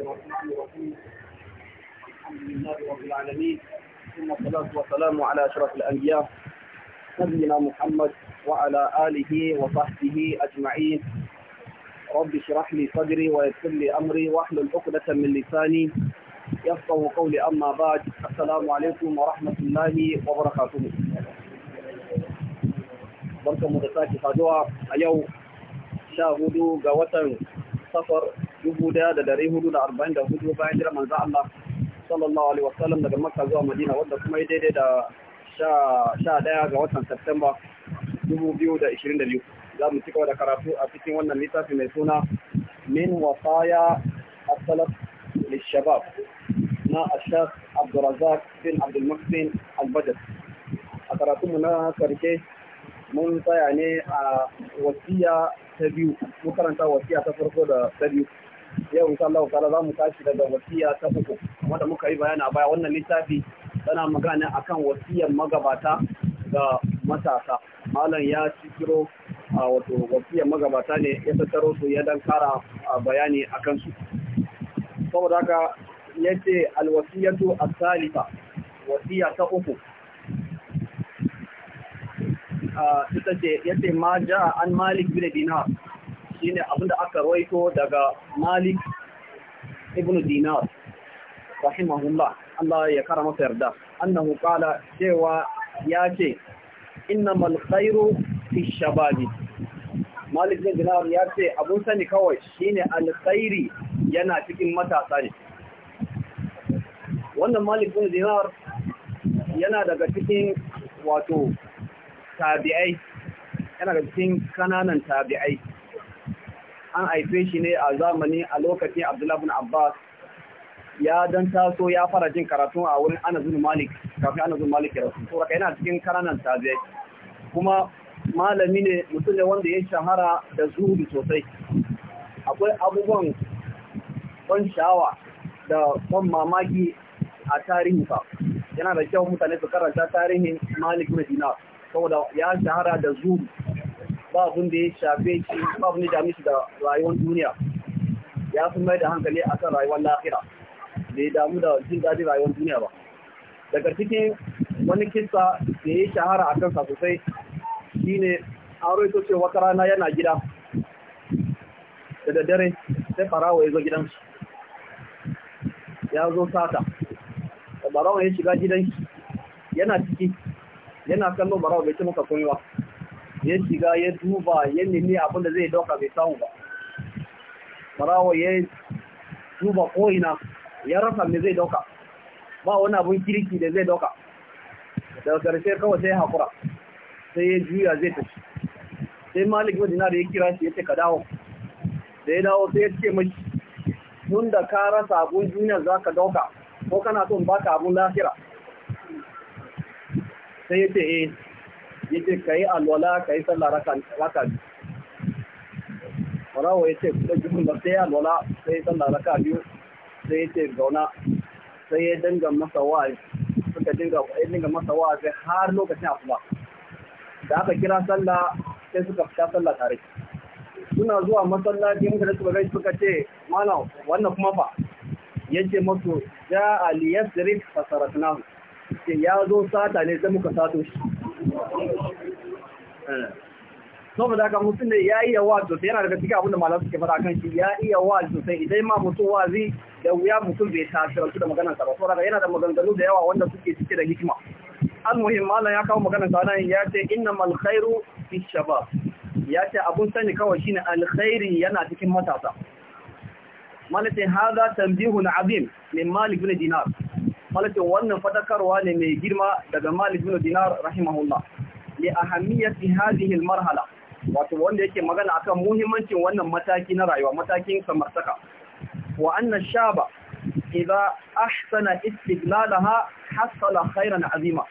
الرحمن الرحيم الحمد لله رب العالمين ثم الصلاة والسلام على أشرف الأنبياء سيدنا محمد وعلى آله وصحبه أجمعين رب اشرح لي صدري ويسر لي أمري واحلل عقدة من لساني يفقه قولي أما بعد السلام عليكم ورحمة الله وبركاته بركة مدساك فادوها اليوم شاهدوا قوة سفر dubu daya da dari hudu da arba'in da hudu bayan jira manzo Allah sallallahu alaihi wasallam daga Makka zuwa Madina Wadda kuma yi daidai da sha daya ga watan Septemba dubu biyu da ishirin da biyu za mu cika da karatu a cikin wannan littafi mai suna min wasaya asalaf lishabab na ashaf abdurazak bin abdulmuhsin albadar a karatunmu na karshe mun tsaya ne a wasiya ta biyu mun karanta wasiya ta farko da ta biyu yau insha Allah ta'ala za mu tashi daga wasiya ta uku wanda muka yi bayani a baya wannan littafi tana magana akan wasiyar magabata ga matasa malam ya cikiro a wato wasiyar magabata ne ya tattaro su ya dan kara bayani akan su saboda haka ya ce alwasiyatu as-salifa wasiya ta uku ita ce ce ma ja an malik bin dinar shine abinda aka rawaito daga Malik ibn Dinar rahimahullah Allah ya karama sa yarda annahu qala cewa ya innamal khairu fi shababi Malik ibn Dinar ya ce abun sani kawai shine khairi yana cikin matasa ne wannan Malik ibn Dinar yana daga cikin wato tabi'ai yana daga cikin kananan tabi'ai an haife shi ne a zamani a lokacin Abdullahi bin Abbas ya dan taso ya fara jin karatu a wurin Anas bin Malik kafin Anas Malik ya rasu to yana cikin kananan tabi'i kuma malami ne mutum ne wanda ya shahara da zuhudu sosai akwai abubuwan ban sha'awa da ban mamaki a tarihi fa yana da kyau mutane su karanta tarihin Malik bin Dinar saboda ya shahara da zuhudu ba abin da ya shafe shi ba abin da dami shi da rayuwar duniya ya fi mai da hankali a kan rayuwar lahira da ya damu da jin daɗin rayuwar duniya ba daga cikin wani kisa da ya shahara a kansa sosai shine an roito ce wata rana yana gida da daddare sai farawa ya zo gidansu ya zo sata da barawa ya shiga gidansu yana ciki yana kallon barawa bai ci maka komai ya shiga ya duba ya nemi abin da zai dauka bai samu ba barawa ya duba ko'ina ya rasa me zai dauka ba wani abin kirki da zai dauka daga karshe kawai sai hakura sai ya juya zai tafi sai malik madina da ya kira shi ya ce ka dawo da ya dawo sai ya ce mashi tun da ka rasa abun duniya za ka dauka ko kana son baka abun lafira sai ya ce eh ka yi alwala ka yi sallah raka raka rawo ce kuma jikin ba sai alwala sai sallah raka biyu sai yace zauna sai ya dinga masa wa'azi suka dinga ya dinga masa wa'azi har lokacin asuba da aka kira sallah sai suka fita sallah tare suna zuwa masallaci muka da suka gaishe suka ce mana wannan kuma fa ce masu ja aliyasrif fasaratnahu ce ya zo sata ne zai muka sato shi saboda haka mutum da ya iya wa sosai yana daga cikin abin da malam suke fara kan shi ya iya wa sosai idan ma mutum wazi da wuya mutum bai tasirantu da maganar sa ba saboda haka yana da maganganu da yawa wanda suke cike da hikima al muhimman ya kawo maganar sa nan ya ce innamal khairu fi shabab ya ce abun sani kawai shine alkhairi yana cikin matasa malam sai tambihu na azim min malik bin dinar malakin wannan fadakarwa ne mai girma daga Malik bin Dinar rahimahullah li ahammiyati hadhihi marhala wato wanda yake magana akan muhimmancin wannan mataki na rayuwa matakin samartaka wa anna shaba idza ahsana istiglalaha hasala khairan azima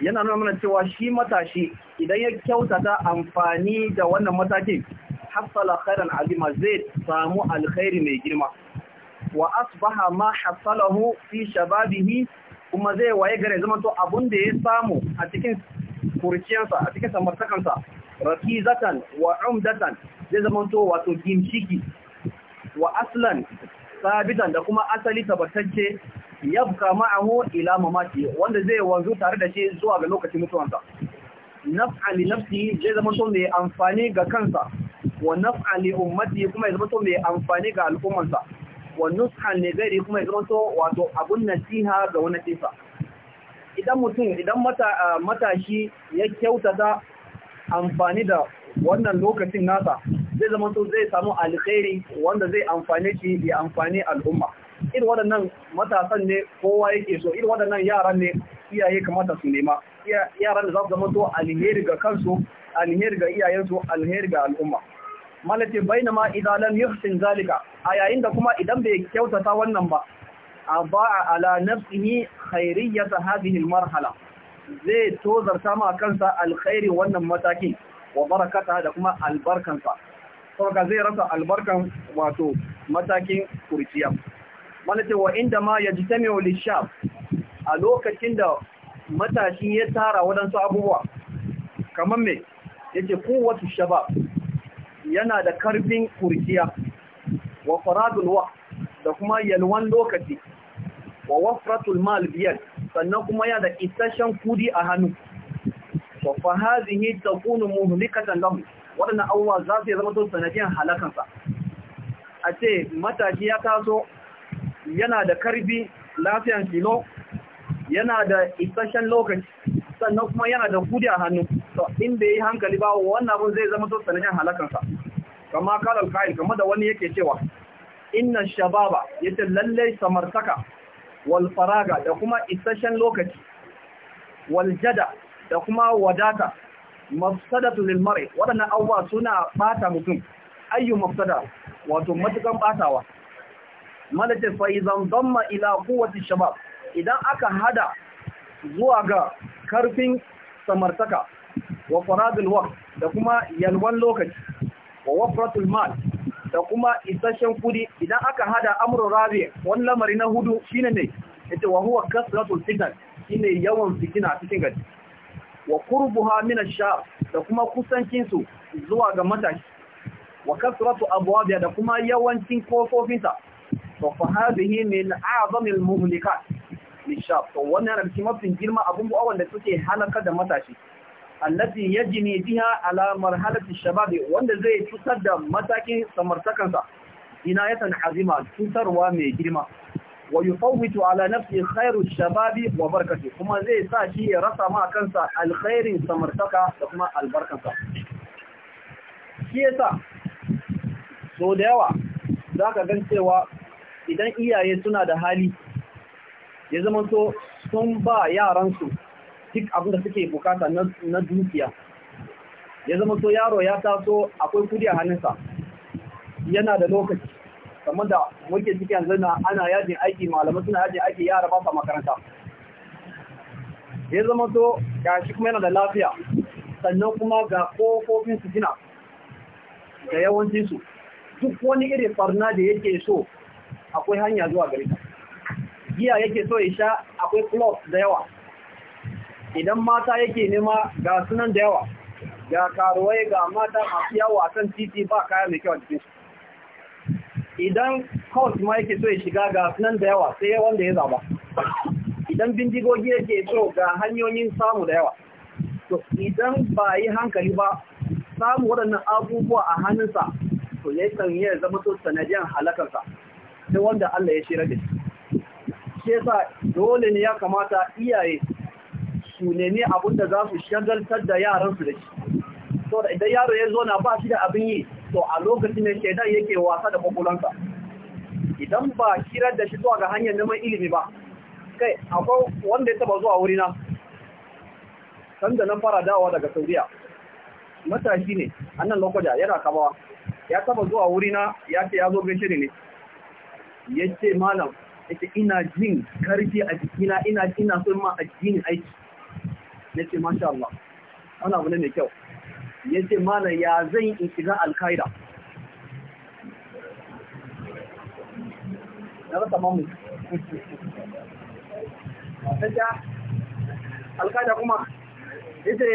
yana nuna mana cewa shi matashi idan ya kyautata amfani da wannan matakin hasala khairan azima zai samu alkhairi mai girma wa asbaha ma hasalahu fi shababihi kuma zai waye gare zama to abun da ya samu a cikin kurciyarsa a cikin samartakansa rakizatan wa umdatan zai zaman to wato gimshiki wa aslan sabitan da kuma asali tabbatacce yabka ma'ahu ila mamaki wanda zai wanzu tare da shi zuwa ga lokacin mutuwansa naf'a li nafsi zai zama to mai amfani ga kansa wa naf'a li ummati kuma ya zama to mai amfani ga al'ummarsa wa nushan ne gari kuma ya zamanto wato abun nasiha ga wani sifa idan mutum idan matashi ya kyautata amfani da wannan lokacin nasa zai zamanto zai samu alkhairi wanda zai amfani shi ya amfani al'umma irin waɗannan matasan ne kowa yake so irin waɗannan yaran ne iyaye kamata su nema yaran da za su zamanto alheri ga kansu alheri ga iyayensu alheri ga al'umma malace bainama idza lam yuhsin zalika a yayin da kuma idan bai kyautata wannan ba aba'a ala nafsihi khairiyyat hadhihi almarhala zai tozarta ma kansa alkhairi wannan matakin wa barakata da kuma albarkansa saboda zai rasa albarkan wato matakin kurciya malace wa inda ma yajtami'u lishab a lokacin da matashi ya tara wadansu abubuwa kamar me yake kowace shabab yana da karfin kurciya wa faradul wa da kuma yalwan lokaci wa wafratul mal biyar sannan kuma yana da isasshen kudi a hannu wa fa hadhihi takunu muhlikatan lahu wadannan awwa za su zama to sanadiyan halakansa a ce mataki ya taso yana da karfi lafiyan kilo yana da isasshen lokaci sannan kuma yana da kudi a hannu to in bai yi hankali ba wannan abun zai zama to sanadiyan halakansa kama kalar kayan kama da wani yake cewa inna shababa yace lalle samartaka wal faraga da kuma isasshen lokaci wal jada da kuma wadata mafsadatu lil mar'i wadannan abubuwa suna bata mutum ayyu mafsada wato matukan batawa malace fa idan damma ila quwwati shabab idan aka hada zuwa ga karfin samartaka wa faradul waqt da kuma yalwan lokaci wa wafratul mal da kuma isasshen kudi idan aka hada amru rabi wani lamari na hudu shi ne ita wa huwa kasratul fitan shine yawan fitina cikin gari wa kurbu ha mina sha da kuma kusancinsu zuwa ga matashi wa kasratu abwabiha da kuma yawancin kofofinta to fa hadhihi min a'zami al ni Sha to wannan yana cikin mafin girma abubuwan da suke halaka da matashi allazi yajni biha ala marhalati shabab wanda zai cutar da matakin samartakansa inayatan azima cutarwa mai girma wa yufawitu ala nafsi khairu shababi wa barakati kuma zai sa shi ya rasa ma kansa alkhairin samartaka da kuma albarkansa shi yasa so da yawa zaka gan cewa idan iyaye suna da hali ya zama to sun ba yaransu duk abin da suke bukata na dukiya ya zama so yaro ya taso akwai kudi a hannunsa yana da lokaci kamar da muke ciki yanzu na ana yajin aiki malamai suna yajin aiki yara ba makaranta ya zama so gashi kuma yana da lafiya sannan kuma ga kofofin su gina da yawancin su duk wani irin barna da yake so akwai hanya zuwa gari giya yake so ya sha akwai club da yawa idan mata yake nema ga sunan da yawa ga karuwai ga mata masu yawo a kan titi ba kaya mai kyau a cikin idan house ma yake so ya shiga ga sunan da yawa sai wanda ya zaba idan bindigogi yake so ga hanyoyin samu da yawa to idan ba yi hankali ba samu waɗannan abubuwa a hannunsa to ya kan zama so sanadiyar halakarsa sai wanda Allah ya shirar da shi shi yasa dole ne ya kamata iyaye su nemi abin da za su shagaltar da yaransu da shi so idan yaro ya zo na ba shi da abin yi to a lokacin da shaidan yake wasa da kwakwalonsa idan ba kirar da shi zuwa ga hanyar neman ilimi ba kai akwai wanda ya taba zuwa wurina da na fara dawa daga saudiya matashi ne annan lokaja yana kamawa ya taba zuwa wurina ya ce ya zo gaishe ne ya ce malam ita ina jin karfi a jikina ina ina son ma a jini aiki na ce masha Allah wani abu ne mai kyau ya ce mana ya zai in shiga alkaida na rasa mamu ta ja alkaida kuma ya ce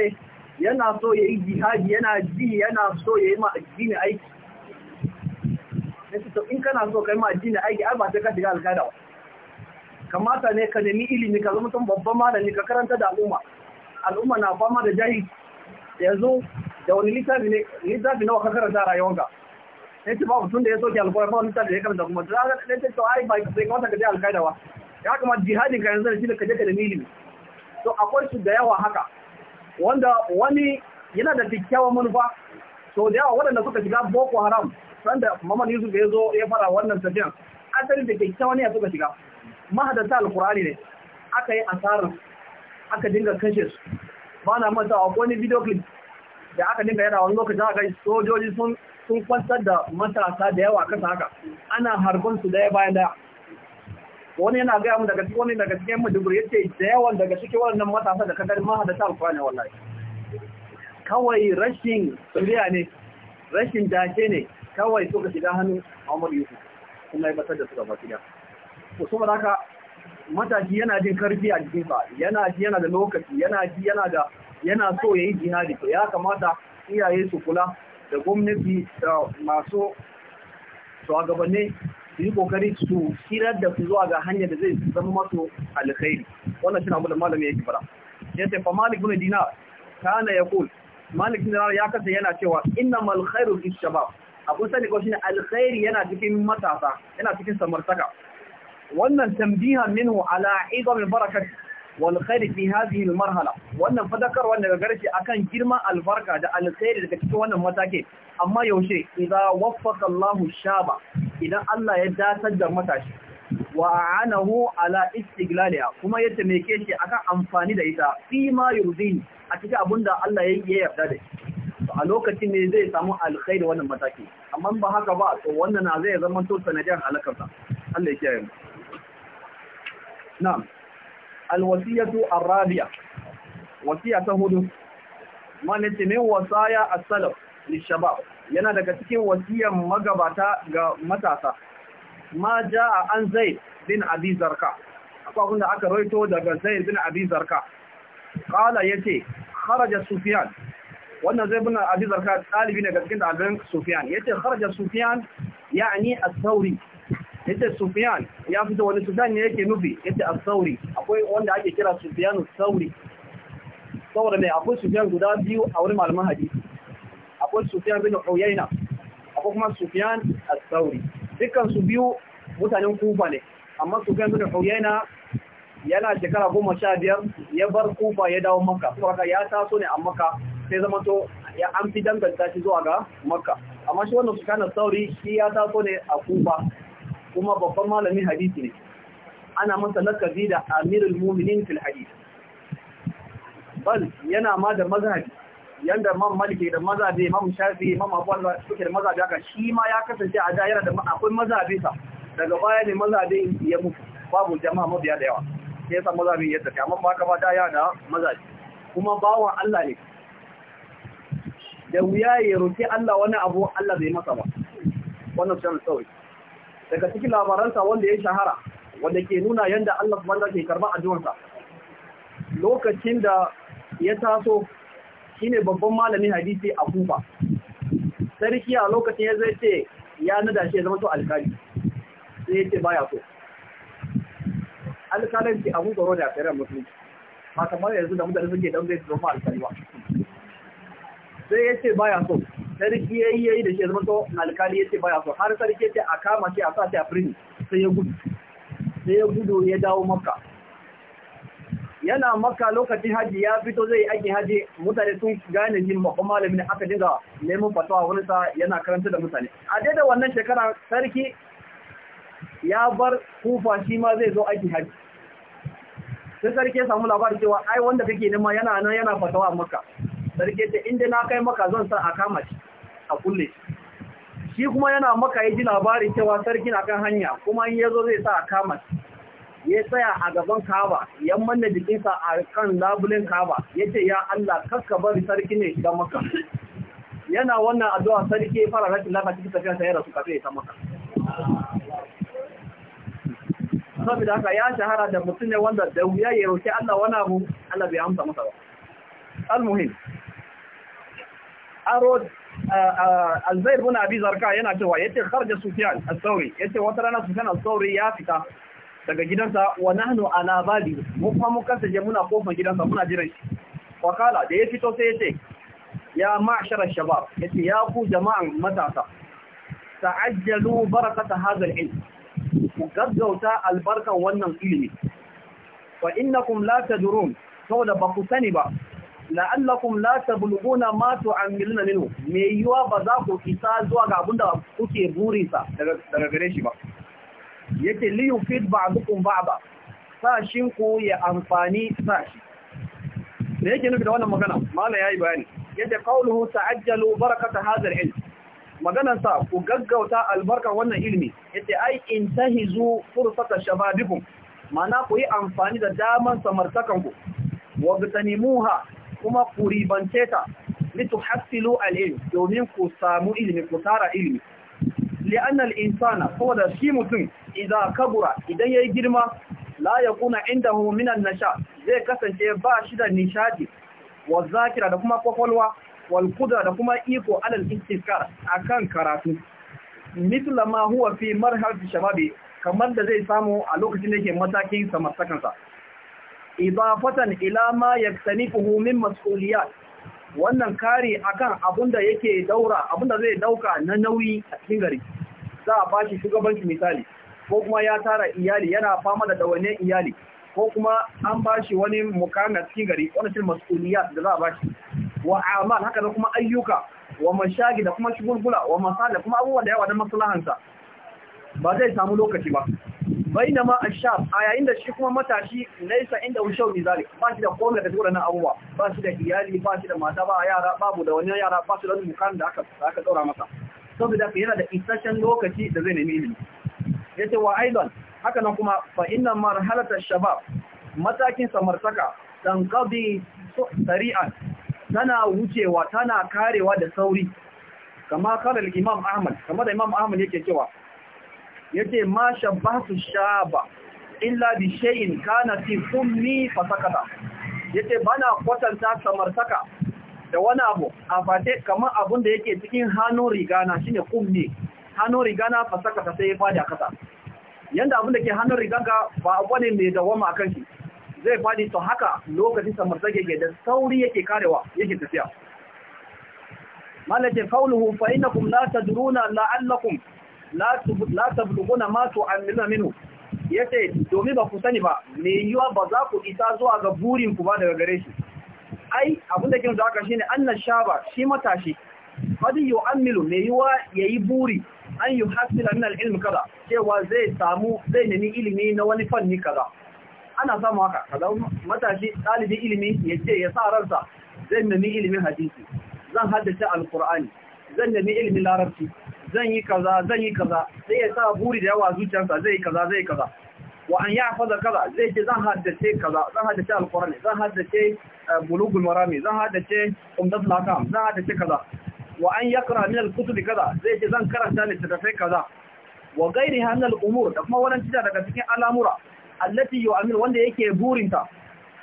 yana so ya yi jihadi yana ji yana so ya yi ma addini aiki ya ce to in kana so ka yi ma addini aiki ai ba ta ka shiga alkaida ba kamata ne ka nemi ilimi ka zama tun babban malami ka karanta da al'umma al'umma na fama da jahi yanzu da wani littafi nawa ka karanta rayuwanka sai ce babu tun da ya soke alkawar ba wani littafi da ya karanta kuma da za ce to ai ba sai ka ka je alkaida ba ya kamata jihadin ka yanzu da shi da ka je ka da milimi to akwai su da yawa haka wanda wani yana da kyakkyawan manufa so da yawa waɗanda suka shiga boko haram sanda mamman yusuf ya zo ya fara wannan tafiyan asali da kyakkyawan ne ya suka shiga mahadata alkur'ani ne aka yi asarar aka dinga kashe su ba na manta a wani video clip da aka dinga yana wani lokacin aka sojoji sun sun kwantar da matasa da yawa kasa haka ana harbin su daya bayan daya wani yana gaya mu daga cikin wani daga cikin maiduguri yace da yawan daga cikin wannan matasa da kadar ma da alƙur'ani wallahi kawai rashin tsuriya ne rashin dace ne kawai suka shiga hannun Ahmad Yusuf kuma ya batar da su gaba ɗaya. ko saboda haka Mataki yana jin karfi a jikinsa yana ji yana da lokaci yana ji yana da yana so ya yi jihadi to ya kamata iyaye su kula da gwamnati da masu shugabanni su yi kokari su hirar da su zuwa ga hanyar da zai zama masu alkhairi wannan shine abu da malami yake fara ya ce fa malik bin dinar kana kul malik bin dinar ya kasa yana cewa innamal khairu lis shabab abu sani ko shine alkhairi yana cikin matasa yana cikin samartaka wannan tambihar minhu ala idam barakat wal khair fi hadhihi marhala wannan fadakar wanda ga garshi akan girman albarka da alkhairi daga cikin wannan matake amma yaushe idza waffaqa Allahu shaba idan Allah ya datar da matashi wa anahu ala istiglaliha kuma ya taimake shi akan amfani da ita fi ma yurdini a cikin abinda Allah ya yarda da shi a lokacin ne zai samu alkhairi wannan mataki amma ba haka ba to wannan na zai zama to sanadiyar halakarsa Allah ya kiyaye mu na'am alwasiyatu arabiya wasiya ta hudu manati min wasaya a salaf lishabab yana daga cikin wasiyan magabata ga matasa ma jaa an zaid bin abi zarka akwai abinda aka roito daga zaid bin abi zarka qala yace kharaja sufyan wannan zaid bin abi zarka talibi ne ga cikin dalibin sufyan yace kharaja Sufiyan yani as-sauri yadda Sufiyan ya fito wani Sudan ne yake nufi yadda a sauri akwai wanda ake kira sufiyan sauri saboda ne akwai Sufiyan guda biyu a wurin malaman hadisi akwai Sufyan bin Uyayna akwai kuma Sufiyan As-Sauri dukkan su biyu mutanen Kufa ne amma Sufyan bin Uyayna yana shekara goma sha biyar ya bar Kufa ya dawo Makka saboda ya taso ne a Makka sai zama to ya an fi danganta shi zuwa ga Makka amma shi wannan sufiyan sauri shi ya taso ne a Kufa kuma babban malamin hadisi ne ana masa lakabi da amirul mu'minin fil hadith bal yana ma da mazhabi yanda mam malike da mazhabi imam shafi imam abu Allah suke da mazhabi haka shi ma ya kasance a da yana da akwai mazhabi sa daga baya ne mazhabi ya mutu babu jama'a mabiya da yawa sai yasa mazhabi ya tafi amma ba ka ba da ya da mazhabi kuma bawan Allah ne da wuya ya roki Allah wani abu Allah zai masa ba wannan shi ne daga cikin labaransa wanda ya shahara wanda ke nuna yadda Allah subhanahu ke karba addu'arsa lokacin da ya taso shine babban malamin hadisi a Kufa sarki a lokacin ya zai ce ya nada shi ya zama to alkali sai ya ce baya so alkalanci abu tsoro da tsare musulunci ba kamar yanzu da mutane suke dan zai zama alkali ba sai ya ce baya so sarki yi yayi da shi zama to alkali yace baya so har sarki yace a kama shi a sa shi a sai ya gudu sai ya gudu ya dawo makka yana makka lokacin haji ya fito zai aiki haji mutane sun gane jin makon malami ne aka dinga neman fatawa wani sa yana karanta da mutane a daidai wannan shekara sarki ya bar kufa shi ma zai zo aiki haji sai sarki ya samu labarin cewa ai wanda kake nema yana nan yana fatawa makka sarki ya ce inda na kai maka zan sa a kama shi a kulle shi kuma yana maka ya ji labari cewa sarkin akan hanya kuma in yazo zai sa a kama ya tsaya a gaban kaba ya manna jikinsa a kan labulin kaba ya ce ya Allah kakka bari sarki ne shiga maka yana wannan addu'a sarki ya fara rashin lafiya cikin tafiya sai ya rasu kafin ya ta maka saboda haka ya shahara da mutum ne wanda da wuya ya roki Allah wani abu Allah bai amsa masa ba almuhim aro Alzair bin Abi Zarka yana cewa yace kharja Sufyan al-Thawri yace wata rana Sufyan al-Thawri ya fita daga gidansa wa nahnu ala babi mu fa muna kofar gidansa muna jiran shi wa kala da ya fito sai yace ya ma'shara shabab yace ya ku jama'an matasa ta'ajjalu barakata hadha al-ilm ku gaggauta albarkan wannan ilimi wa innakum la tadurun saboda ba ku sani ba la'allakum la tabluguna ma tu'amiluna minhu me yiwa ba za ku isa zuwa ga abinda kuke burinsa daga gare shi ba yake li yufid ba'dukum ba'da sashin ku ya amfani sashi me yake nufi da wannan magana mala yayi bayani yace qawluhu ta'ajjalu barakata hadha al-ilm maganar sa ku gaggauta albarkar wannan ilmi yace ai intahizu fursata shababikum Ma'ana ku yi amfani da daman samartakan ku wa bitanimuha kuma ku ribance ta litu hasilu al'ilm domin ku samu ilimi ku tara ilimi li'annal insana saboda shi mutum idan kabura idan yayi girma la inda indahu na sha zai kasance ba shi da nishadi wa zakira da kuma kwakwalwa wal da kuma iko alal a akan karatu mithla ma huwa fi marhalati shababi kamar da zai samu a lokacin da yake matakin samartakansa idafatan ila ma yaktanifuhu min mas'uliyat wannan kari akan abunda yake daura abunda zai dauka na nauyi a cikin gari za a bashi shugabanci misali ko kuma ya tara iyali yana fama da dawane iyali ko kuma an bashi wani mukana a cikin gari wani shine mas'uliyat da za a bashi wa amal haka da kuma ayyuka wa mashagi da kuma shugulgula wa da kuma abubuwan da yawa da maslahansa ba zai samu lokaci ba bainama ashab a yayin da shi kuma matashi laisa inda ushau ni zalik ba shi da komai da dukkan nan abuwa ba shi da iyali ba shi da mata ba yara babu da wani yara ba shi da wani mukan da aka aka daura masa saboda haka yana da isasshen lokaci da zai nemi ilimi yace wa aidan haka nan kuma fa inna marhalata shabab matakin samartaka qadi sari'an tana wucewa tana karewa da sauri kama kala imam ahmad kama da imam ahmad yake cewa yace ma shabbatu shaba illa bi shay'in kana fi ummi fasakata yace bana kwatanta saka. da wani abu a fate kamar abun da yake cikin hannun rigana shine ummi hannun rigana fasakata sai ya fadi a kasa yanda abin da ke hannun riganka ba abu ne mai dawama a shi zai fadi to haka lokacin samartaka yake da sauri yake karewa yake tafiya malaje fauluhu fa innakum la tadruna la'allakum la tablughuna ma tu'amiluna minhu yace domin ba ku sani ba me yiwa ba za ku isa zuwa ga burin ku ba daga gare shi ai abinda kin zo aka shine annan shaba shi matashi hadi yu'ammilu me yiwa yayi buri an yuhasila min al-ilm kaza cewa zai samu zai nemi ilimi na wani fanni kaza ana samu haka kaza matashi ɗalibin ilimi ya ce ya sa ransa zai nemi ilimin hadisi zan haddace alkur'ani zan nemi ilimin larabci zan yi kaza zan yi kaza sai ya sa buri da yawa zuciyarsa zai yi kaza zai kaza wa an ya faza kaza zai ce zan ce kaza zan ce alqur'ani zan ce eh, bulugul marami zan ce umdatul hakam zan ce kaza wa an yaqra min al-kutub kaza zai ce zan karanta littattafai kaza wa gairi hannal umur da kuma wannan cita daga cikin al'amura allati yu'amil wanda yake burinta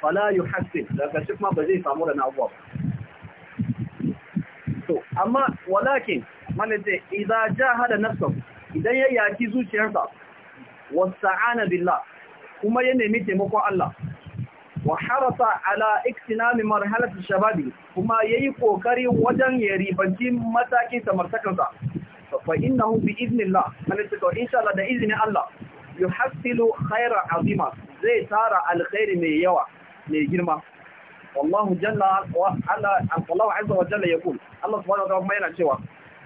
fala yuhassib daga shi kuma ba zai samu da na abuwa to amma walakin malace idan hada nafsahu idan ya yaki zuciyarsa wasta'ana billah kuma ya nemi taimakon Allah wa harasa ala iktinami marhalati shababi kuma yayi kokari wajen ya ribanci matakin samartakansa fa innahu bi idnillah malace to insha Allah da izinin Allah yuhassilu khairan azima zai tara alkhairi mai yawa mai girma wallahu jalla wa ala Allah azza wa jalla yaqul Allah subhanahu wa yana cewa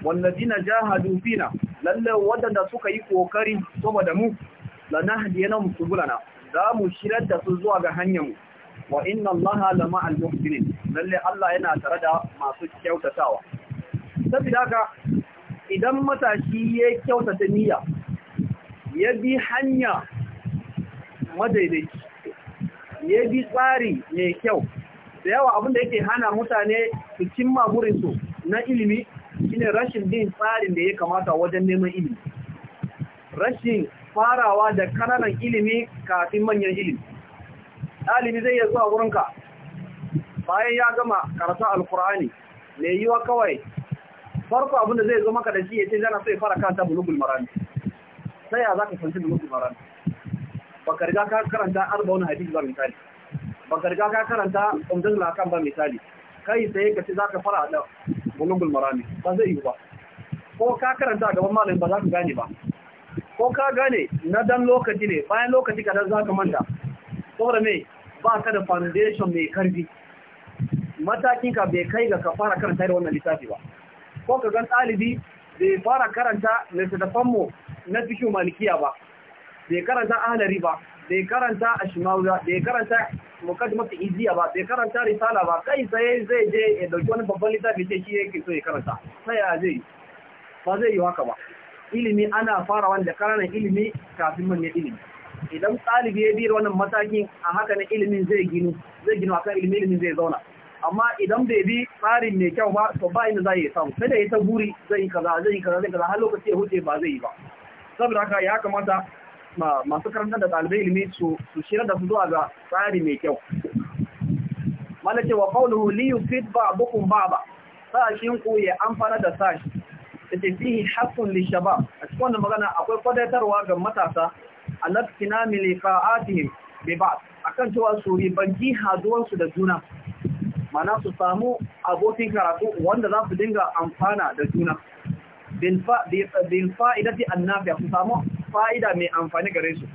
wallazina jahadu fina lalle wadanda suka yi kokari saboda mu lanahdiyanahum gulana, za mu shirar da su zuwa ga hanyar mu wa inna allaha lama al lalle Allah yana tare da masu kyautatawa saboda haka idan matashi ya kyautata niyya ya bi hanya madaidaici ya bi tsari mai kyau da yawa abinda yake hana mutane su cimma burinsu na ilimi shine rashin bin tsarin da ya kamata wajen neman ilimi rashin farawa da kananan ilimi kafin manyan ilimi ɗalibi zai iya zuwa wurinka bayan ya gama karatun alkur'ani mai yiwa kawai farko abin da zai zo maka da shi ya ce jana sai fara kanta bulugul marani sai ya za ka fanci bulugul marani baka riga ka karanta wani hadis ba misali baka riga ka karanta umdatul lakan ba misali kai sai ka ce za ka fara da bulugul marami ba zai yi ba ko ka karanta a gaban malamin ba za ka gane ba ko ka gane na dan lokaci ne bayan lokaci kadan za ka manta saboda me ba ka da foundation mai karfi matakin ka bai kai ga ka fara karanta da wannan littafi ba ko ka gan ɗalibi bai fara karanta littattafan mu na fikin malikiya ba bai karanta ahlari ba bai karanta ashimawiya bai karanta ta iziya ba bai karanta risala ba kai sai zai je ya dauki wani babban littafi ce shi yake so ya karanta sai ya zai ba zai yi haka ba ilimi ana fara wanda karanan ilimi kafin manya ilimi idan ɗalibi ya biyar wannan matakin a haka na ilimin zai ginu zai ginu akan ilimi ilimin zai zauna amma idan bai bi tsarin mai kyau ba to ba inda za ya samu sai da ya ta buri zai yi kaza zai yi kaza zai kaza har lokaci ya huce ba zai yi ba saboda haka ya kamata masu karanta da ɗalibai ilimi su shirya da su zuwa ga tsari mai kyau. mana cewa kauluhu liyu fit ba bukun ba ba, shi ku ya amfana da shi da ke fi haƙƙun li shabab. A cikin wannan magana akwai kwadatarwa ga matasa a lafkina milifa'atihim bai ba, a kan cewa su ribanci haduwarsu da juna. Mana su samu abokin karatu wanda za su dinga amfana da juna. Bin fa'idati annafiya su samu fa'ida mai amfani gare su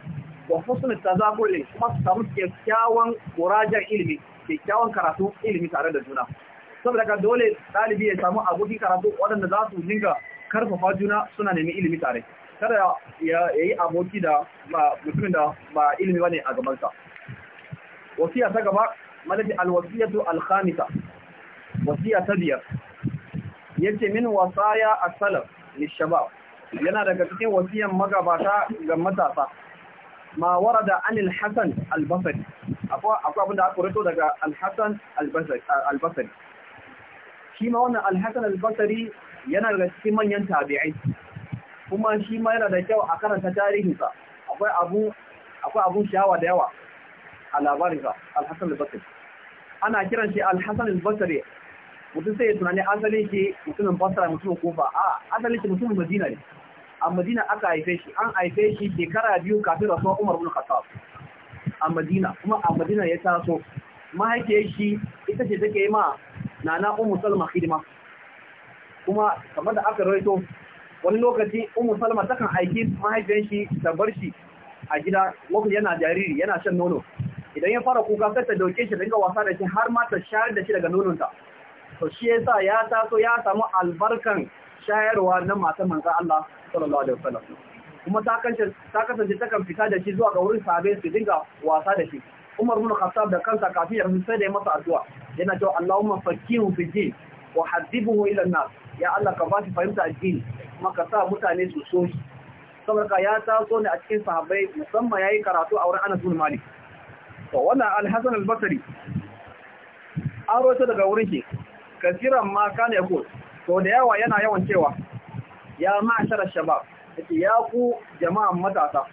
wa husn tazakuri kuma su samu kyakkyawan kurajen ilimi kyakkyawan karatu ilimi tare da juna saboda ka dole ɗalibi ya samu abokin karatu waɗanda za su dinga karfafa juna suna nemi ilimi tare kada ya yi aboki da mutumin da ba ilimi ne a gabansa wasiya ta gaba malafi alwasiyatu alkhamisa wasiya ta biyar yace min wasaya a salaf lishabab yana daga cikin wasiyan magabata ga matasa ma da anil hasan albasari akwai abin da aka rito daga alhassan albasari shi ma wannan alhassan albasari yana daga cikin manyan tabi'ai kuma shi ma yana da kyau a karanta tarihinsa akwai abun sha'awa da yawa a labarinsa alhassan albasari ana kiran shi alhassan albasari mutum sai ya tunani asalin shi mutumin basra mutumin kufa a asalin shi mutumin madina ne a Madina aka haife shi an haife shi shekara biyu kafin rasuwar Umar bin Khattab a Madina kuma a Madina ya taso mahaifiyar shi ita ce take yi ma nana Ummu Salma hidima kuma kamar da aka rawaito wani lokaci Ummu Salma takan aiki mahaifiyar shi da bar shi a gida lokacin yana jariri yana shan nono idan ya fara kuka sai ta dauke shi dinga wasa da shi har ma ta shayar da shi daga nononta to shi yasa ya taso ya samu albarkan shayarwa na matan manzo Allah sallallahu alaihi wasallam kuma ta kasance takan fita da shi zuwa ga wurin sahabbai su dinga wasa da shi Umar ibn Khattab da kansa kafin ya rasu sai da ya masa addu'a yana cewa Allahumma fakkihu fi din wa hadibuhu ila nas ya Allah ka ba shi fahimta addini kuma ka sa mutane su so shi saboda ya taso ne a cikin sahabbai musamman yayi karatu a wurin Anas ibn Malik to wannan Al-Hasan al-Basri an daga wurin shi kasiran ma kana ko to da yawa yana yawan cewa ya ma'ashara shabab yake ya ku jama'an matasa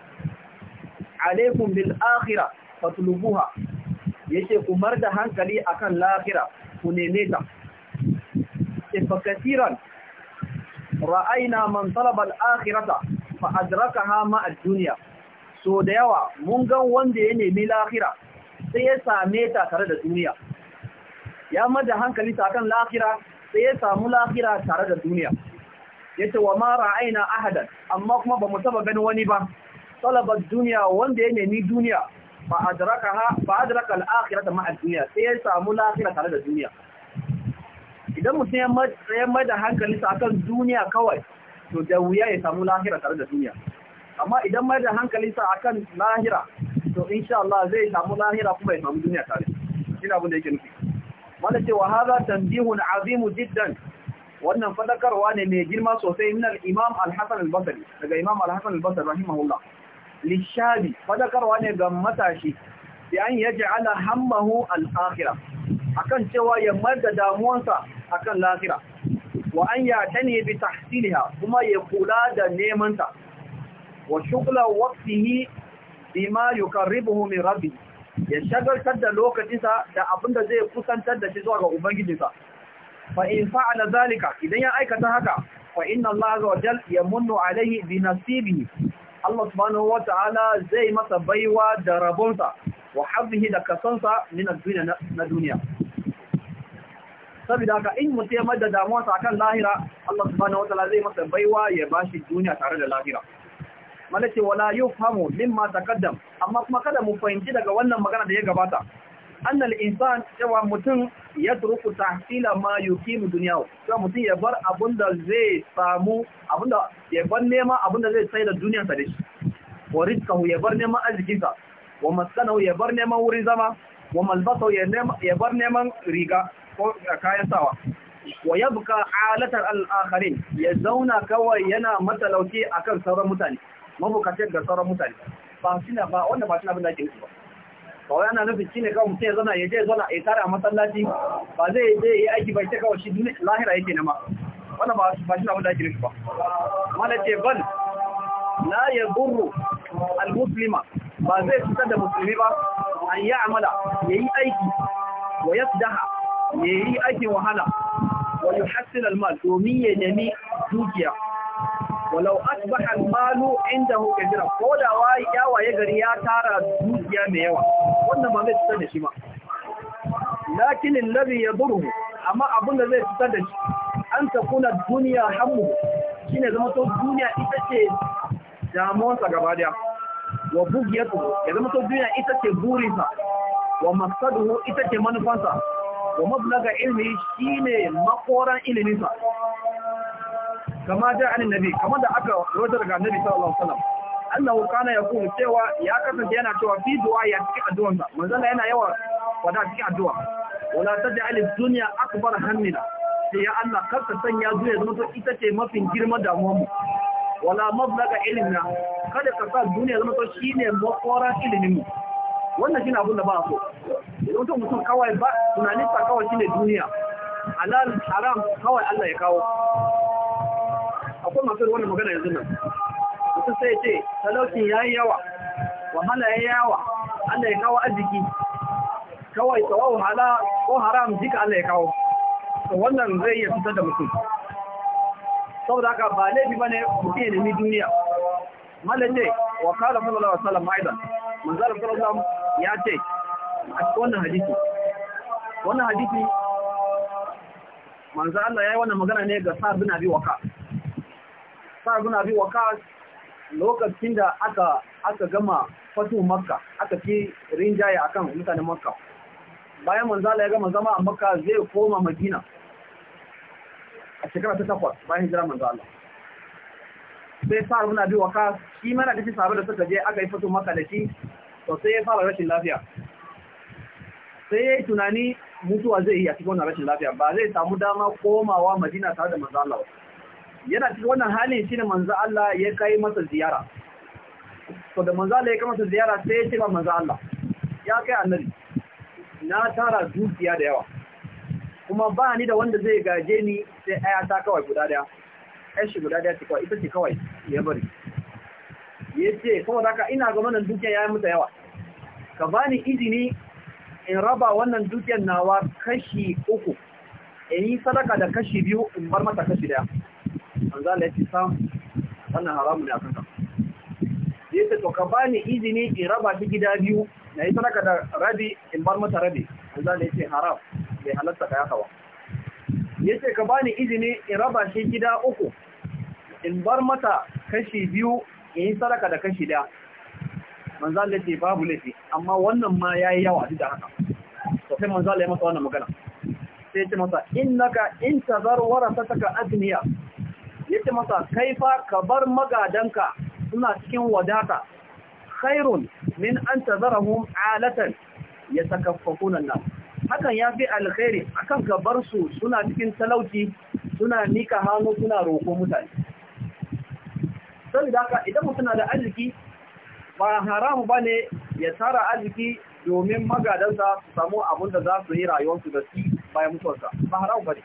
alaikum bil akhira fatlubuha yake ku mar da hankali akan lahira ku neme ta fa kasiran ra'ayna man talaba al akhirata fa adrakaha ma ad dunya so da yawa mun ga wanda ya nemi lahira sai ya same ta tare da duniya ya mar da hankali ta akan lahira sai ya samu lahira tare da duniya Ya ce wa ma ra'ayna ahadan amma kuma bamu taba gani wani ba talabar duniya wanda ya nemi duniya ba adrakaha ba adraka al-akhirata ma al-dunya sai ya samu lafiya tare da duniya idan mutum ya mai da hankali hankalinsa akan duniya kawai to da wuya ya samu lahira tare da duniya amma idan mai da hankali hankalinsa akan lahira to insha Allah zai samu lahira kuma ya samu duniya tare ina abin da yake nufi wanda ce wa hadha tanbihun azimu jiddan wannan fadakarwa ne mai girma sosai min al-imam al-hasan al-basri daga imam al-hasan al-basri rahimahullah lishabi fadakarwa ne ga matashi bi an yaj'ala hammahu al-akhirah akan cewa ya marda damuwansa akan lahira wa an yatani bi tahsilha kuma ya kula da neman ta wa shughla waqtihi bima yuqarribuhu min rabbi ya shagaltar da lokacinsa da abinda zai kusantar da shi zuwa ga ubangijinsa fa in fa'ala zalika idan ya aikata haka fa inna Allah azza ya munnu alaihi bi nasibihi Allah subhanahu wa ta'ala zai masa baiwa da rabonsa wa habbihi da kasonsa min na duniya saboda haka in mu ya madda damuwarsa akan lahira Allah subhanahu wa ta'ala zai masa baiwa ya bashi duniya tare da lahira malaka wala yufhamu mimma taqaddam amma kuma kada mu fahimci daga wannan magana da ya gabata annal insan cewa mutum ya turuku tahsila ma yukimu duniya cewa mutum ya bar da zai samu abinda ya bar nema abinda zai sai da duniyarsa da shi wa rizqahu ya bar neman arzikinsa wa maskanahu ya bar neman wurin zama wa malbasahu ya bar neman riga ko kayan sawa wa yabqa alatar al-akharin ya zauna kawai yana matalauci akan sauran mutane mabukacin ga sauran mutane ba shi ba wanda ba shi abin da ake nufi ba kawai ana nufin shi ne kawai mutum ya zana ya je zana ya tara a masallaci ba zai je ya aiki bai ta kawai shi lahira yake nema wannan ba ba shi na wanda ake nufi ba mana ce ban la ya gurru al ba zai cutar da musulmi ba an yi amala ya yi aiki wa yasdaha ya yi aikin wahala wa yuhassil mal domin ya nemi dukiya walau asbaha al-malu indahu jira ko da wai ya waye gari ya tara dukiya mai yawa wannan ba zai fitar da shi ba lakin alladhi yadurru amma abin da zai fitar da shi an takuna duniya hammu shine zama to duniya ita ce damuwarsa gaba daya wa bugiyatu ya zama to duniya ita ce burinsa wa maqsaduhu ita ce manufansa wa mablaga ilmi shine makoran iliminsa kama da anin nabi kama da aka rotar daga nabi sallallahu alaihi wasallam annahu kana yaqulu cewa ya kasance yana cewa fi du'a ya cikin addu'arsa manzon yana yawa wada cikin addu'a wala taj'al ad-dunya akbar hammina sai ya Allah kar ka sanya duniya zama to ita ce mafin girman damuwar mu wala mablaga ilmina kada ka sa duniya zama to shine makoran ilimin mu wannan shine abin da ba so idan mutum mutum kawai ba tunanin sa kawai shine duniya halal haram kawai Allah ya kawo akwai masu wannan magana yanzu nan mutum sai ce talauci ya yi yawa wahala ya yi yawa Allah ya kawo arziki kawai tsawon hala ko haram jika Allah ya kawo to wannan zai iya fitar da mutum saboda haka ba laifi ba bane mutum ya nemi duniya malaje wa kala sallallahu alaihi wasallam aidan manzal sallallahu ya ce a wannan hadisi wannan hadisi manzo Allah yayi wannan magana ne ga sa bin Abi Waqqas sa'adun abi waqas lokacin da aka aka gama fatu makka aka ci rinjaye akan mutanen makka bayan manzala ya gama zama a makka zai koma madina a shekara ta takwas bayan hijira manzo Allah sai sa'ad ibn wa waqas shi mana da shi sahabe da suka je aka yi fatu makka da shi to sai ya fara rashin lafiya sai ya yi tunani mutuwa zai yi a cikin wannan rashin lafiya ba zai samu dama komawa madina tare da manzo Allah ba yana cikin wannan halin shi ne manzo Allah ya kai masa ziyara to da manzo Allah ya kai masa ziyara sai ya ce ba manzo Allah ya kai annabi na tara dukiya da yawa kuma ba ni da wanda zai gaje ni sai aya ta kawai guda daya ai shi guda daya ce kawai ita ce kawai ya bari Ya yace da haka ina ga wannan dukiya ya masa yawa ka bani izini in raba wannan dukiyar nawa kashi uku in yi sadaka da kashi biyu in bar mata kashi daya manzo da ya ce samu wannan haramu ne a kanka ya ce to ka bani izini in raba shi gida biyu na yi sadaka da rabi in bar mata rabi manzo da ya ce haram bai halatta ka kawa. ba ya ce ka bani izini in raba shi gida uku in bar mata kashi biyu in yi sadaka da kashi daya manzo Allah ce babu laifi amma wannan ma yayi yawa duk da haka to sai manzo da ya masa wannan magana sai ya ce masa innaka in tazar taka azniya yake masa kaifa ka bar magadanka suna cikin wadata khairun min an tazarahum alatan yatakaffafuna nan hakan ya fi alkhairi akan ka bar su suna cikin talauci suna mika hannu suna roko mutane saboda haka idan mutum da arziki ba haramu bane ya tara arziki domin magadansa su samu abin za su yi rayuwarsu da shi bayan mutuwarsa ba haramu bane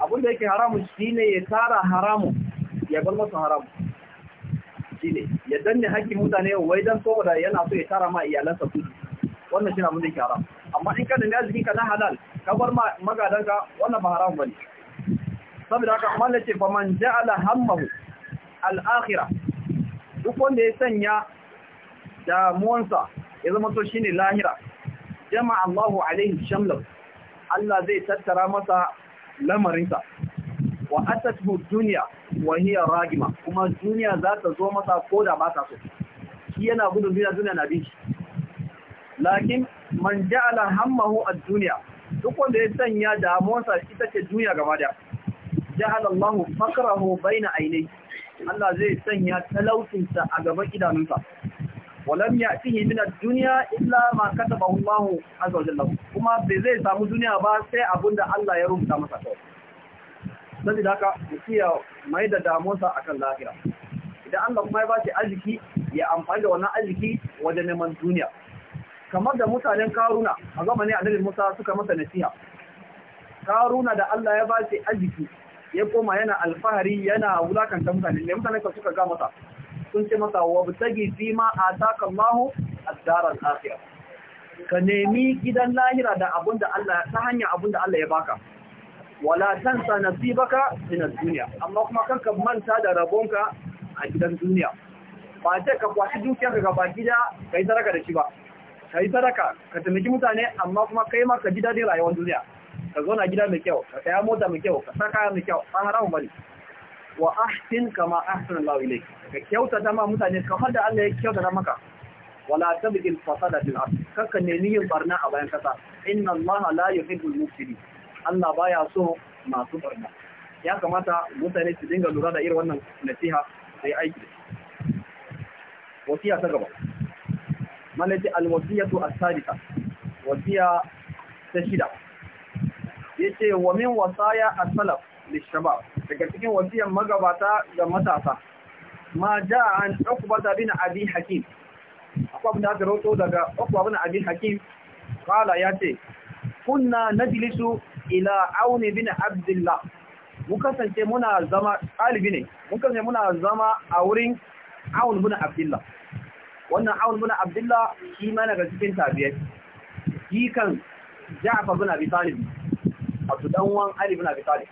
abun da yake haramun shine ya tara haramun ya bar masa haramun ne ya danne hakkin mutane wai dan saboda yana so ya tara ma iyalansa kudi wannan shine abin da yake haramun amma in ka da arziki ka na halal ka bar ma magadanka wannan ba haram bane saboda haka amma ce ba man ja'ala hammahu al duk wanda ya sanya damuwansa ya zama to shine lahira jama'a Allahu alaihi shamlahu Allah zai tattara masa lamarinsa wa atatuhu duniya wa hiya ragima kuma duniya za ta zo masa ko da ba ta so shi yana gudun duniya duniya na bin lakin man ja'ala hammahu ad-dunya duk wanda ya sanya damuwarsa ita ce duniya gaba da ja'ala Allahu fakrahu baina ainihi Allah zai sanya talaucinsa a gaban idanunsa walam ya tihi min ad-dunya illa ma kataba Allah azza wa kuma bai zai samu duniya ba sai abun da Allah ya rubuta masa kawai sai da haka musiya mai da damuwarsa akan lahira idan Allah kuma ya ba aziki, arziki ya amfani da wannan aziki wajen neman duniya kamar da mutanen karuna a zamanin annabi Musa suka masa nasiha karuna da Allah ya ba aziki ya koma yana alfahari yana wulakanta mutane ne mutane suka ga masa sun ce masa wa bitagi fi ma takan mahu a daral akhirah ka nemi gidan lahira da abinda Allah ta hanya abinda Allah ya baka wala tansa nasibaka min duniya duniya, amma kuma ka manta da rabonka a gidan duniya ba ce ka kwashi dukiyarka gaba gida kai sadaka da shi ba kai sadaka ka taimaki mutane amma kuma kai ma ka ji dadin rayuwar duniya ka zauna gida mai kyau ka tsaya mota mai kyau ka saka mai kyau an haramu bari wa ahsin kama ahsana Allah ilayk ka kyautata ma mutane kamar da Allah ya kyautata maka wala tabghi al-fasada fil ard kaka ne niyyar barna a bayan kasa inna Allah la yuhibbul mufsidin Allah baya so masu barna ya kamata mutane su dinga lura da irin wannan nasiha sai aiki wasiya ta gaba malati alwasiyatu as-sadika wasiya ta shida yace wa min wasaya as-salaf lishabab daga cikin wasiyan magabata ga matasa ma ja an ukbata bin abi hakim akwai abin da aka roto daga ukwa bin abi hakim kala ya ce kunna najlisu ila auni bin abdullah mun kasance muna zama ɗalibi ne mun kasance muna zama a wurin aun bin abdullah wannan aun bin abdullah shi ma daga cikin tabiyar shi kan ja'far bin abi talib a dan wan ali bin abi talib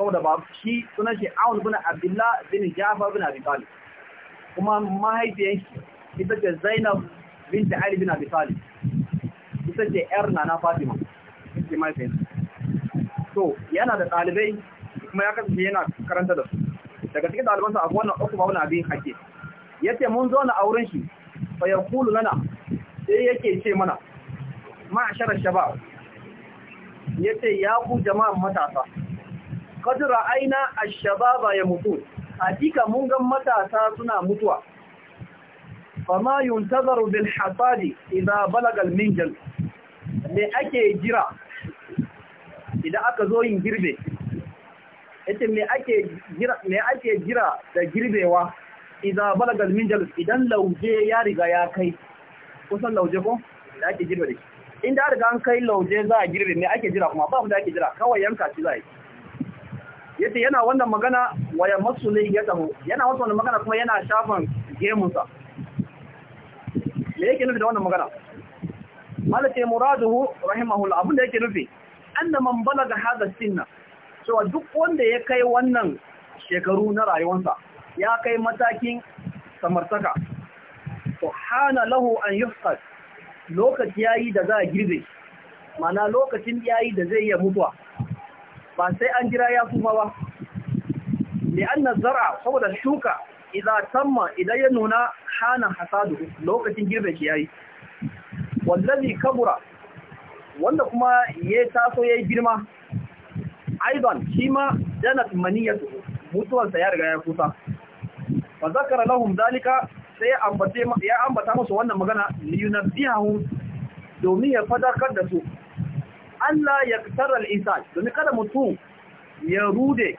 saboda ba shi sunan shi Aun bin Abdullah bin Jafar bin Abi Talib kuma mahaifiyan shi ita ce Zainab binti Ali bin Abi Talib ita ce yar nana Fatima ita mahaifiyan to yana da dalibai kuma ya kasance yana karanta da su daga cikin dalibansa akwai wannan uku ba wani abin hake yace mun zo na auren shi fa yaqulu lana sai yake ce mana ma'ashara shabab yace ya ku jama'an matasa qad ra'aina a shababa mutu, hakika mun ga matasa suna mutuwa fama yuntazaru bil hasadi idan balagal minjal me ake jira idan aka zo yin girbe ita me ake jira da girbewa idan balagal minjal idan lauje ya riga ya kai kusan lauje ko da ake girbe da shi inda riga an kai lauje za a girbe me ake jira kuma ba mu da ake jira kawai yanka shi za a yi yace yana wannan magana wa ya masu ne ya taho yana wasu wannan magana kuma yana shafan gemunsa me yake nufi da wannan magana malake muraduhu rahimahullah abin da yake nufi anna man balaga hada sinna cewa duk wanda ya kai wannan shekaru na rayuwarsa ya kai matakin samartaka to hana lahu an yufsad lokaci yayi da za a girbe mana lokacin yayi da zai iya mutuwa ba sai an jira ya tsufa ba li'anna zar'a saboda shuka idan tamma idan ya nuna hana hasadu lokacin girbe shi yayi wallazi kabura wanda kuma ya taso yi girma aidan shi ma janat maniyatu mutuwansa ya riga ya kusa fa zakara lahum dalika sai ya ambata musu wannan magana liyunabihum domin ya fadakar da su Allah ya fitar al'insan domin kada mutum ya rude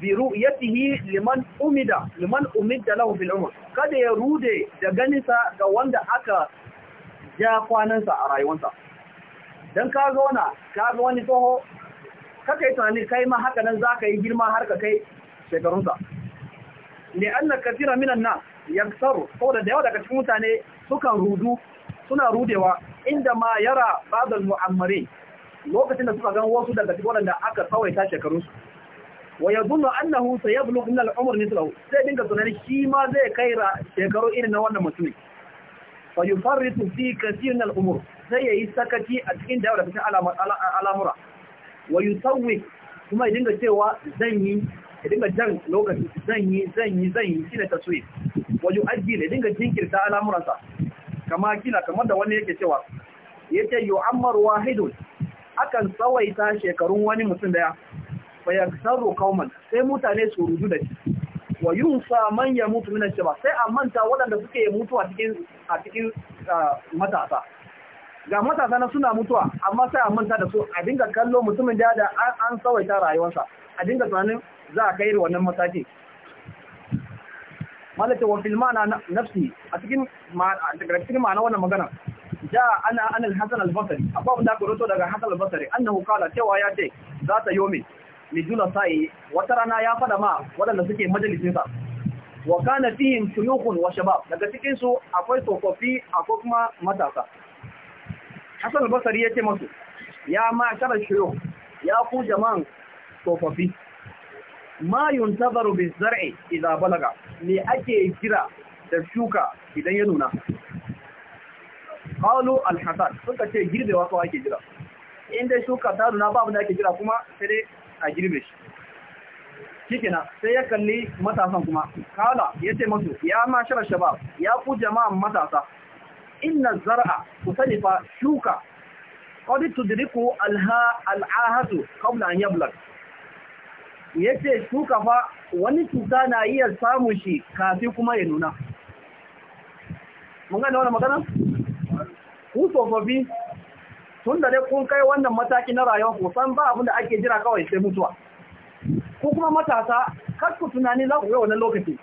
biru ya ru'yatihi liman umida liman umida lahu fil umar, kada ya rude da ganisa ga wanda aka ja kwanansa a rayuwarsa Don ka zauna, wana ka ga wani toho kaka yi tunanin kai ma haka nan za ka yi girma har ka kai shekarunsa ne anna kathira minan ya yaksaru saboda da yawa daga cikin mutane sukan rudu suna rudewa inda ma yara ba da muammarin lokacin da suka gan wasu daga cikin waɗanda aka tsawaita su wa ya zunnu annahu sayablugh min al-umr mithlahu sai dinga tunanin shi ma zai kai shekaru irin na wannan mutumin fa yufarritu fi kathir min al-umur sai yayi sakaci a cikin da cikin al'amura wa yusawwi kuma ya dinga cewa zan yi ya dinga jan lokaci zan yi zan yi zan yi shine taswif wa yu'ajjil ya dinga jinkirta al'amuransa kama kila kamar da wani yake cewa yace yu'ammar wahidun akan tsawaita shekarun wani mutum daya bayan sarro kauman sai mutane su rudu da shi wa yun sa manyan mutu minan ba sai a manta waɗanda suke mutuwa a cikin matasa ga matasa na suna mutuwa amma sai a manta da su a dinga kallo mutumin da da an tsawaita rayuwarsa a dinga tunanin za a kai wannan mataki malaka wa filma na nafsi a cikin ma'ana wannan magana ja ana an al-hasan al-basri akwai wanda aka roto daga hasan al-basri annahu qala cewa ya ce za ta yomi li dula sai wata rana ya fada ma wadanda suke majalisin sa wa kana fihim shuyukhun wa shabab daga cikin su akwai tsofaffi akwai kuma matasa hasan al-basri ya ce musu ya ma shara shuyukh ya ku jama'an tsofaffi ma yuntazaru bizar'i idza balaga me ake jira da shuka idan ya nuna falo Alhassan, suka ce girbewa wasu ake jira in dai shuka ta nuna babu da ake jira kuma sai a girbe shi shikenan sai ya kalli matasan kuma kala ya ce masu ya ma shara shabab ya ku jama'an matasa inna zar'a ku sani fa shuka qad tudriku alha al'ahatu kabla an Ya ce shuka fa wani cuta na iya samun shi kafi kuma ya nuna mun gane magana ku tsofaffi tun da dai kun kai wannan mataki na rayuwa ku san ba abin da ake jira kawai sai mutuwa ku kuma matasa kar ku tunani za ku yi wannan lokaci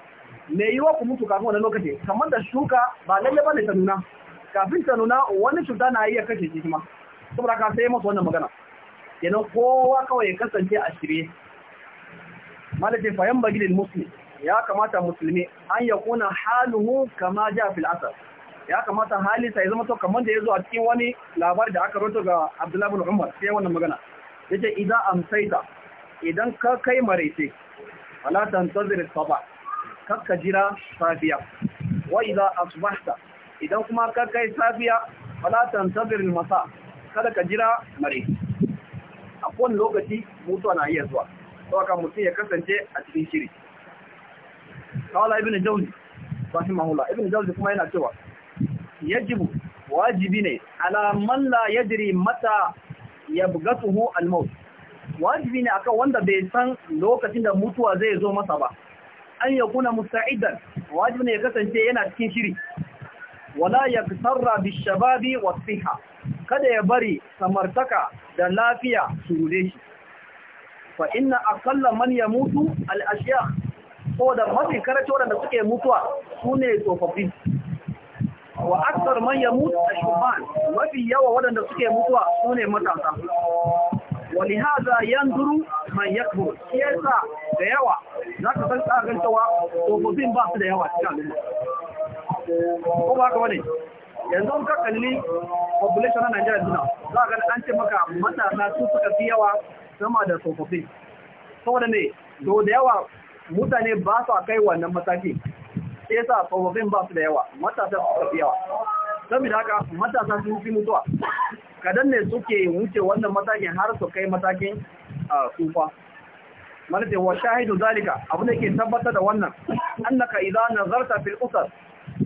me yiwa ku mutu kafin wannan lokaci kamar da shuka ba lalle bane ta nuna kafin ta nuna wani cuta na iya kashe shi kuma saboda ka sai masa wannan magana kenan kowa kawai ya kasance a shirye malaje fayan bagilin muslim ya kamata musulmi an yakuna haluhu kama ja fil asar ya kamata halinsa ya zama to kamar da ya zo a cikin wani labari da aka roto ga Abdullahi bin Umar sai wannan magana yace idan amsaita idan ka kai marece wala tantazir sabah kakka jira safiya wa idan asbahta idan kuma ka kai safiya wala tantazir masa kada ka jira marece a kowane lokaci mutuwa na iya zuwa ka mutum ya kasance a cikin shiri قال ابن جوزي رحمه ibn ابن kuma yana cewa. yajibu wajibi ne ala man la yadri mata yabgatuhu al-maut wajibi ne akan wanda bai san lokacin da mutuwa zai zo masa ba an ya kuna musta'idan wajibi ne ya kasance yana cikin shiri wala yaktarra bishababi wasiha kada ya bari samartaka da lafiya su rude shi fa inna aqalla man yamutu al-ashyakh ko da mafi karace da suke mutuwa sune tsofaffi wa aksar man a shubban mafi yawa waɗanda suke mutuwa sune matasa wani haza duru ينظر من يكبر siyasa da yawa za ka san tsagan cewa tsofaffin ba su da yawa cikin ko ba ka bane yanzu ka kalli population na Najeriya duna za ka an ce maka matasa su suka fi yawa sama da tsofaffin saboda ne to da yawa mutane ba su kai wannan mataki sai yasa tsofaffin ba su da yawa matasa su fi yawa saboda haka matasa sun fi mutuwa kadan ne suke wuce wannan matakin har su kai matakin tsufa malaka wa shahidu zalika abu da ke tabbatar da wannan annaka idan nazarta fil usar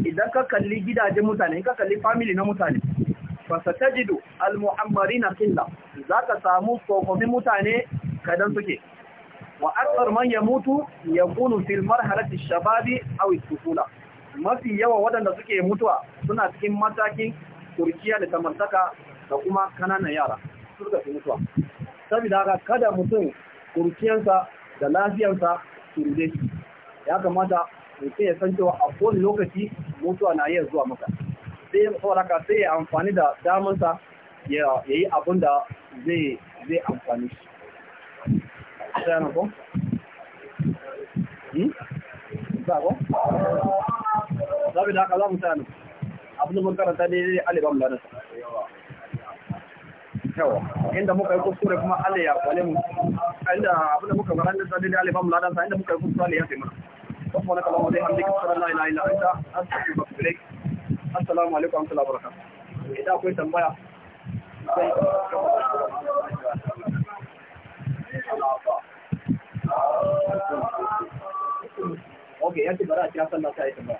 idan ka kalli gidajen mutane ka kalli family na mutane fa satajidu al mu'ammarina qilla zaka samu tsofaffin mutane kadan suke ya mutu ya يكون filmar المرحلة الشباب أو الطفولة mafi yawa waɗanda suke mutuwa suna cikin matakin kurkiya da tamantaka da kuma kananan yara suka fi mutuwa saboda haka kada mutum kurkiyansa da lafiyarsa su rude shi ya kamata mutum ya san cewa a kowane lokaci mutuwa na iya zuwa masa sai ya sauraka sai ya amfani da damansa ya yi abin da zai amfani shi Gano ko? Ba hmm? ko? Sabi da haka za mu sanu. Abin makaranta ne ne alibam da nasa. Yawa, inda muka yi kuskure kuma Allah ya kwale mu. Inda abin da muka baranda sa daidai alibam da nasa inda muka yi kuskure ya fi mana. Subhanaka Allahumma wa bihamdika ashhadu an la ilaha illa anta astaghfiruka wa atubu ilaik. Assalamu alaikum wa rahmatullahi wa barakatuh. Idan akwai tambaya, sai ka ok ya ce bara ta yi tambaya